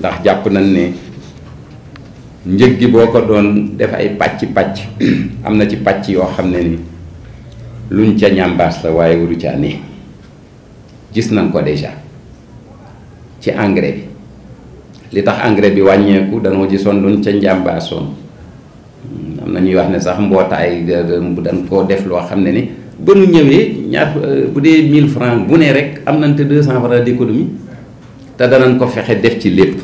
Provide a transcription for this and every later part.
ndax jàpp nañ ne njëg gi boo ko doon def ay pàcc pàcc am na ci pàcc yoo xam ne ni luñ ca ñambaas la waaye waru caa gis nañ ko déjà ci engrais bi li tax engrais bi wàññeeku danoo gisoon luñ ca njàmbaasoon hmm, am na ñuy wax ne sax mbootaay dañ koo def loo xam ne ni ba nu ñëwee ñaar euh, bu dee 1000 francs bu ne rek am nañ te 200 francs d'économie te danañ ko fexe def ci lépp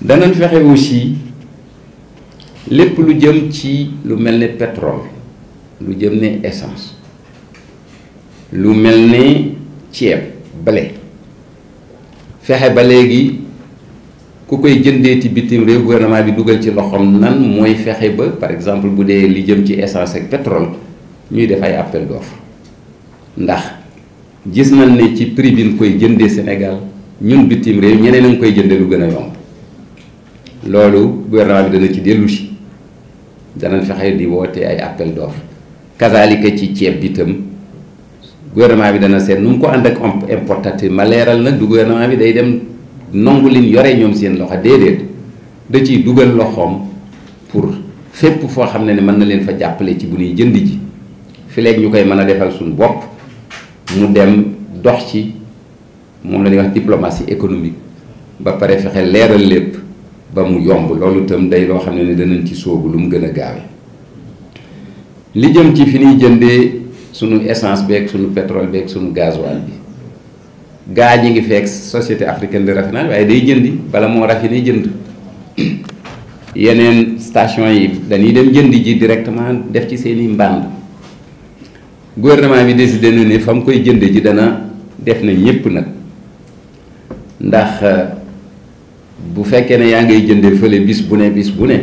danañ fexe aussi lépp lu jëm ci lu mel ni pétrole lu jëm ne essence lu mel ni ceeb blé fexe ba léegi ku koy jëndee ci bitim réew gouvernement bi dugal ci loxoom nan mooy fexe ba par exemple bu dee li jëm ci essence ak pétrole ñuy def ay appel d'offre ndax gis man ne ci prix bi ñu koy jëndee Sénégal ñun bitim réew ñeneen a ngi koy jëndee lu gën a yomb loolu gouvernement bi dana ci dellu si danañ fexe di woote ay appel d'offre kazaalika ci ceeb bi itam gouvernement bi dana seet nu mu ko ànd ak importateur ma leeral nag du gouvernement bi day dem nangu lim yore ñoom seen loxo déedéet da ciy dugal loxoom pour fépp foo xam ne ne mën na leen fa jàppale ci bu ñuy jënd ji fileeg ñu koy mën a defal suñu bopp. mu dem dox ci moom la ñuy wax diplomatie économique ba pare fexe leeral lépp ba mu yomb loolu itam day loo xam ne ne danañ ci sóobu lu mu gën a gaawe li jëm ci fi ñuy jëndee sunu essence beeg sunu pétrole beeg sunu gasoil bi gaa ñi ngi fekk société africaine de raffinage waaye day jëndi bala moo raffiné jënd yeneen station yi dañuy dem jëndi ji directement def ci seeni i mbànd gouvernement bi décidé na ne fa mu koy jënde ji dana def na ñëpp nag ndax euh, bu fekkee ne yaa ngay jënde fële bis bu ne bis bu ne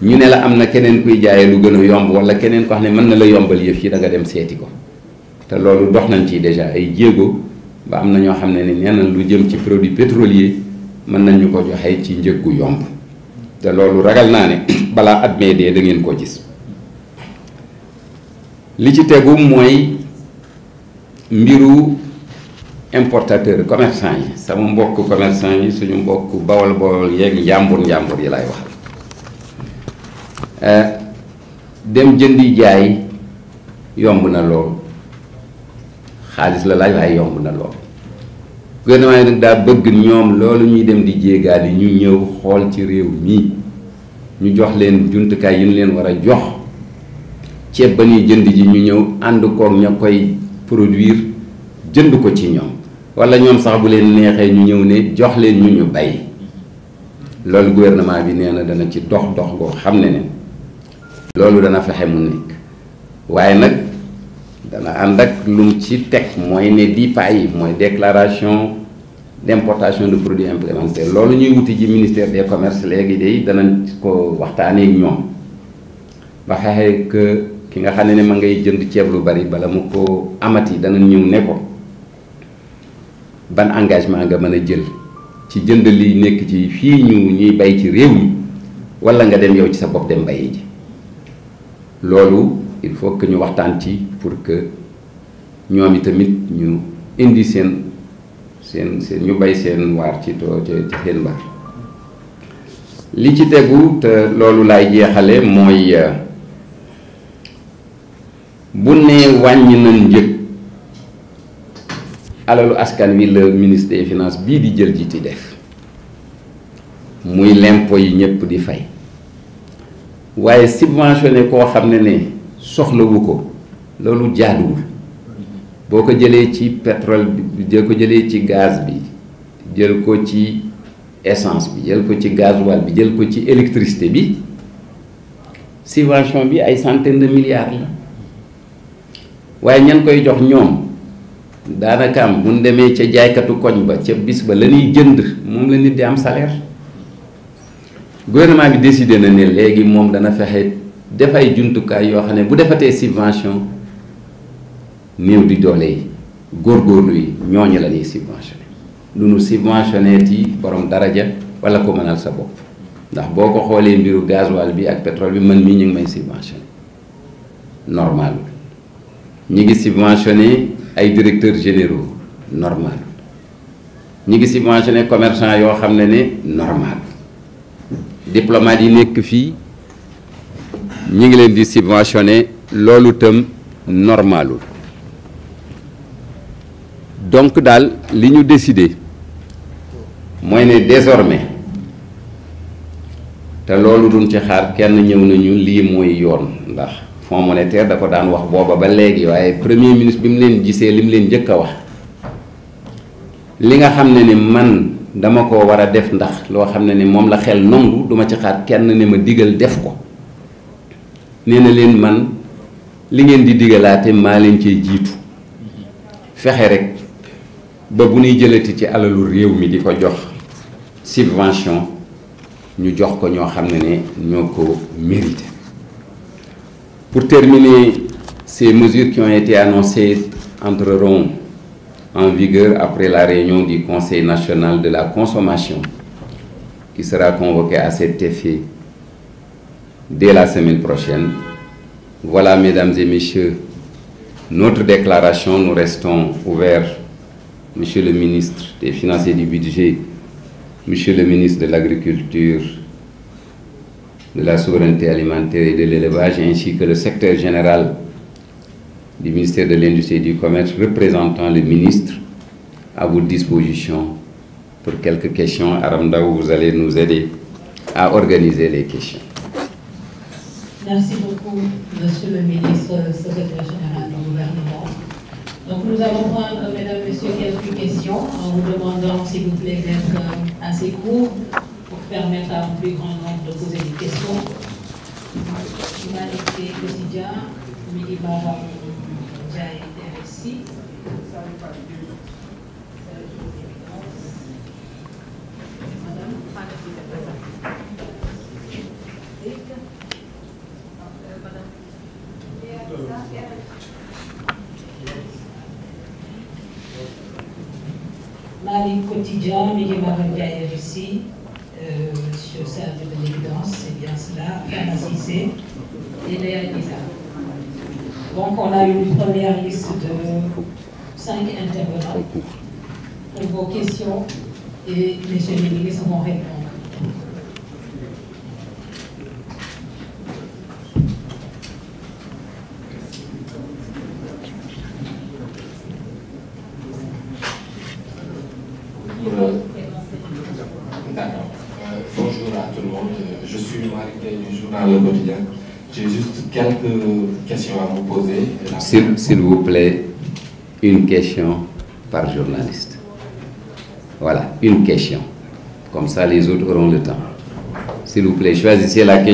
ñu ne la am na keneen kuy jaaye lu gën a yomb wala keneen ko xam ne mën na la yombal yëf yi da dem seeti ko te loolu dox nañ ci déjà ay jéego ba am na ñoo xam ne ne nee lu jëm ci produit pétrolier mën nañ ñu ko joxe ci njëg yomb te loolu ragal naa ne balaa at mee dee da ngeen ko gis li ci tegu mooy mbiru importateur commerçant yi sama mbokk commerçant yi suñu mbokk bawal bawal yeeg njàmbur njàmbur yi lay waxal eh, dem jëndi jaay yomb na lool xaalis la laaj waaye yomb na lool gouvernement yi nag bëgg ñoom loolu ñuy dem di jéegaani ñu ñëw xool ci réew mi ñu jox leen jumtukaay yi ñu leen war a jox ceeb ba ñuy jënd ji ñu ñëw ànd koog ña koy produire jënd ko ci ñoom wala ñoom sax bu leen neexee ñu ñëw ne jox leen ñu ñu bay loolu gouvernement bi nee na dana ci dox dox goo xam ne ne loolu dana fexe mu nekk waaye nag dana ànd ak lum ci teg mooy ne di payi mooy déclaration d'importation de produits implémentaires loolu ñuy wuti ji ministère des commerces léegi day danañ ko waxtaanee ñoom ba xeexee que ki nga xam ne ne ma ngay jënd ceeb lu bari bala mu ko amati dana ñëw ne ko ban engagement nga mën a jël ci jënd li nekk ci fii ñu ñuy bay ci réew mi walla nga dem yow ci sa bopp dem bayi ji loolu il faut que ñu waxtaan ci pour que ñoom tamit ñu indi seen seen seen ñu bay seen waar ci too ci seen waar li ci tegu te loolu laay jeexale mooy euh, bu nee wàññi nañ njëg alalu askan wi la ministre des bii di jël ji ci def muy lempo yi ñëpp di fay waaye subventionné koo xam ne ne soxlawu ko loolu jaaduwul boo ko jëlee ci petrole bi jël ko jëlee ci gaz bi jël ko ci essence bi jël ko ci gasoil bi jël ko ci électricité bi subvention bi ay centaine de milliards la waaye ñan koy jox ñoom daanaka am bu ñu demee ca jaaykatu koñ ba ca bis ba la ñuy jënd moom la nit di am salaire gouvernement bi décidé na ne léegi moom dana fexe def ay jumtukaay yoo xam ne bu defatee subvention néew di doole yi góorgóorlu yi ñooñu la ñuy lu nu subventionné yi borom daraja wala ko mënal sa bopp ndax boo ko xoolee mbiru gasoil bi ak pétrole bi man mii ñu ngi may subventionné normal. ñi ngi subventionné ay directeurs généraux normal ñi ngi subventionné commerçant yoo xam ne ne normal diplomate yi nekk fii ñi ngi leen di subventionné loolu itam normalul donc daal li ñu décidé mooy ne désormais te loolu duñ ci xaar kenn ñëw nañu lii mooy yoon ndax fonds monétaire da ko daan wax booba ba léegi waaye premier ministre bi mu leen gisee li mu leen jëkka wax li nga xam ne ni man dama ko war a def ndax loo xam ne ni moom la xel nangu duma ci xaar kenn ne ma digal def ko nee na leen man li ngeen di digalaate maa leen cee jiitu fexe rek ba bu ñuy jëlati ci alalu réew mi di ko jox subvention ñu jox ko ñoo xam ne ne ñoo ko mérité Pour terminer, ces mesures qui ont été annoncées entreront en vigueur après la réunion du Conseil national de la consommation qui sera convoqué à cet effet dès la semaine prochaine. Voilà, mesdames et messieurs, notre déclaration. Nous restons ouverts, monsieur le ministre des Finances et du Budget, monsieur le ministre de l'Agriculture, de la souveraineté alimentaire et de l'élevage, ainsi que le secteur général du ministère de l'Industrie et du Commerce représentant le ministre à votre disposition pour quelques questions. Aramda, vous allez nous aider à organiser les questions. Monsieur le ministre, secrétaire général du gouvernement. Donc nous allons prendre, mesdames, messieurs, quelques questions en vous euh, pour permettre à un plus grand nombre de poser journaliste quotidien Midi Baba Ndiaye RFI Mali quotidien Midi Baba Ndiaye RFI là, Fana Sissé et Léa Lisa. Donc on a une première liste de cinq intervenants pour vos questions et Malick Gueye du journal Le une question par journaliste. Voilà, une question. Comme ça, les autres auront le temps. S'il vous la question.